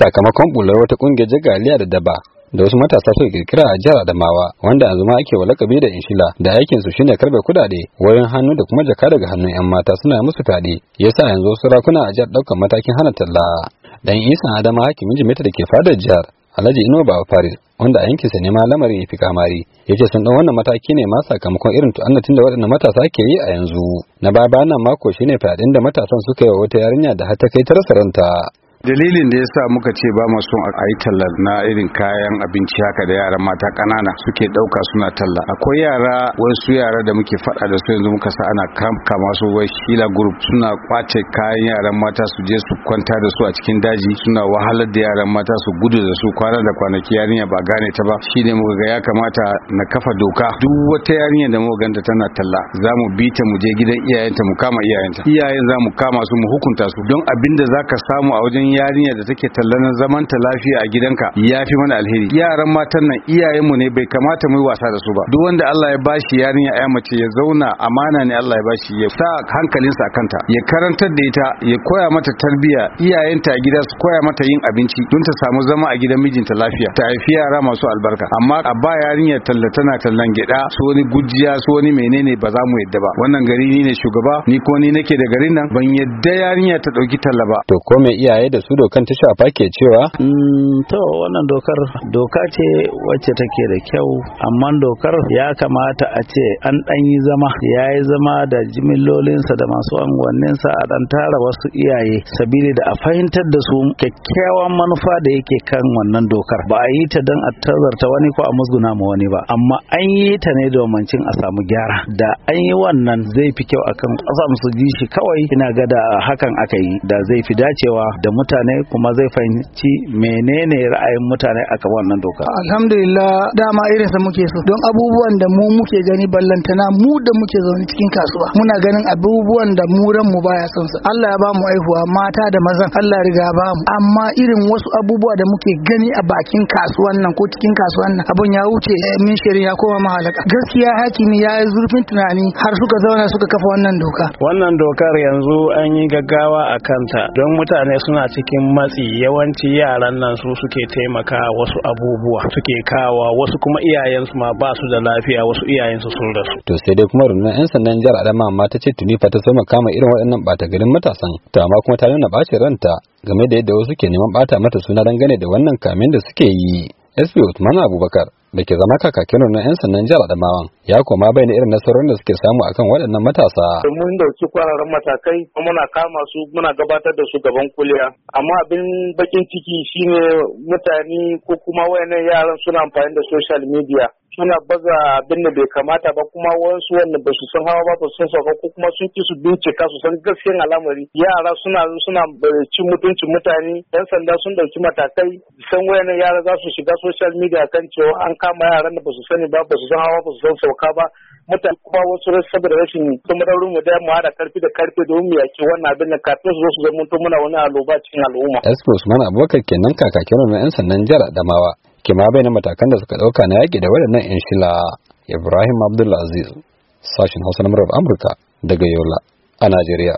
sakamakon bular wata kungiyar jagaliya da daba da wasu matasa suka kirkira a jihar Adamawa wanda yanzu ma ake walakabi da inshila da aikin su shine karbe kudade wayan hannu da kuma jaka daga hannun yan mata suna musu fadi yasa yanzu rakuna a jihar daukan matakin hana talla dan isa Adama hakimin jimita da ke fadar jihar Alhaji Ino Baba Faris wanda a yankinsa ne ma lamarin ya fi kamari ya ce sun ɗan wannan mataki ne ma sakamakon irin tu'annatin da waɗannan matasa ke yi a yanzu na baya bayan mako shine fadin da matasan suka yi wa wata yarinya da har ta kai ta ranta dalilin da ya sa muka ce ba masu a yi talla na irin kayan abinci haka da yaran mata kanana suke ɗauka suna talla akwai yara wasu yara da muke faɗa da su yanzu muka sa ana kama su wai shila group suna kwace kayan yaran mata su je su kwanta da su a cikin daji suna wahalar da yaran mata su gudu da su kwana da kwanaki yarinya ba gane ta ba shine muka ga ya kamata na kafa doka duk wata yarinya da muka ganta tana talla za mu bi ta mu je gidan iyayenta mu kama iyayenta iyayen za mu kama su mu hukunta su don abin abinda zaka samu a wajen yarinya da take tallanan zaman ta lafiya a gidanka ya fi mana alheri yaran matan nan iyayenmu ne bai kamata mu yi wasa da su ba duk wanda Allah ya bashi yarinya ya mace ya zauna amana ne Allah ya bashi ya sa hankalinsa a kanta ya karantar da ita ya koya mata tarbiya iyayenta a gida su koya mata yin abinci don ta samu zama a gidan mijinta lafiya ta haifi yara masu albarka amma a ba yarinya talla tana tallan gida su wani gujiya su wani menene ba za mu yadda ba wannan gari ni ne shugaba ni ko ni nake da garin nan ban yadda yarinya ta dauki talla ba to ko me iyaye da su dokan ta shafa ke cewa mm, to wannan dokar doka ce wacce take da kyau amma dokar ya kamata a ce an dan yi zama ya yi zama da jimillolinsa da masu anguwanninsa a ɗan tara wasu iyaye sabili da a fahimtar da su kyakkyawan manufa da yake kan wannan dokar ba a yi ta don a tazarta wani ko a musguna ma wani ba amma an yi ta ne domin cin a samu gyara da an yi wannan zai fi kyau akan ƙasa su ji shi kawai ina ga da hakan aka yi da zai fi dacewa da mutane mutane kuma zai fahimci menene ra'ayin mutane a kan wannan doka alhamdulillah dama irinsa muke so don abubuwan da mu muke gani ballantana mu da muke zaune cikin kasuwa muna ganin abubuwan da mu ran mu baya son su Allah ya ba mu aihuwa mata da mazan Allah riga ba mu amma irin wasu abubuwa da muke gani a bakin kasuwan nan ko cikin kasuwan nan abun ya wuce eh, min shirin ya koma mahalaka gaskiya hakimi ya yi zurfin tunani har suka zauna suka kafa wannan doka wannan dokar yanzu an yi gaggawa a kanta don mutane suna cikin cikin matsi yawanci yaran nan su suke taimaka wasu abubuwa suke kawa wasu kuma iyayensu ma ba su da lafiya wasu iyayensu sun rasu to sai dai kuma rundunar yan sandan jihar adama ma ta ce tuni fa ta soma kama irin waɗannan ɓata garin matasan to amma kuma ta nuna bace ranta game da yadda wasu ke neman ɓata mata suna dangane da wannan kamin da suke yi sp usman abubakar da ke zama kakakin na 'yan sannan jihar Adamawa ya koma bayyana irin nasarorin da suke samu akan waɗannan matasa. Mun dauki kwararren matakai muna kama su muna gabatar da su gaban kuliya amma abin bakin ciki shine mutane ko kuma wayannan yaran suna amfani da social media suna baza abin da bai kamata ba kuma wasu wanda ba su san hawa ba su san sauka ko kuma sun ki su bincika su san gaskiyan al'amari yara suna suna eh, ci mutuncin mutane yan sanda sun dauki matakai san wayannan yara za su shiga social media kan cewa an kama yaran da ba su sani ba ba su san hawa ba su san sauka ba mutane kuma wasu saboda rashin tumararun mu da mu hada karfi da karfe don mu yaki wannan abin da kafin su zo su zama muna wani aloba cikin al'umma. Espo Usman Abubakar kenan kakakin na 'yan sandan jihar Adamawa. ke ma bayanan matakan da suka ɗauka na yaki da waɗannan 'yan shila ibrahim abdulaziz sashen hausa na murar amurka daga yola a najeriya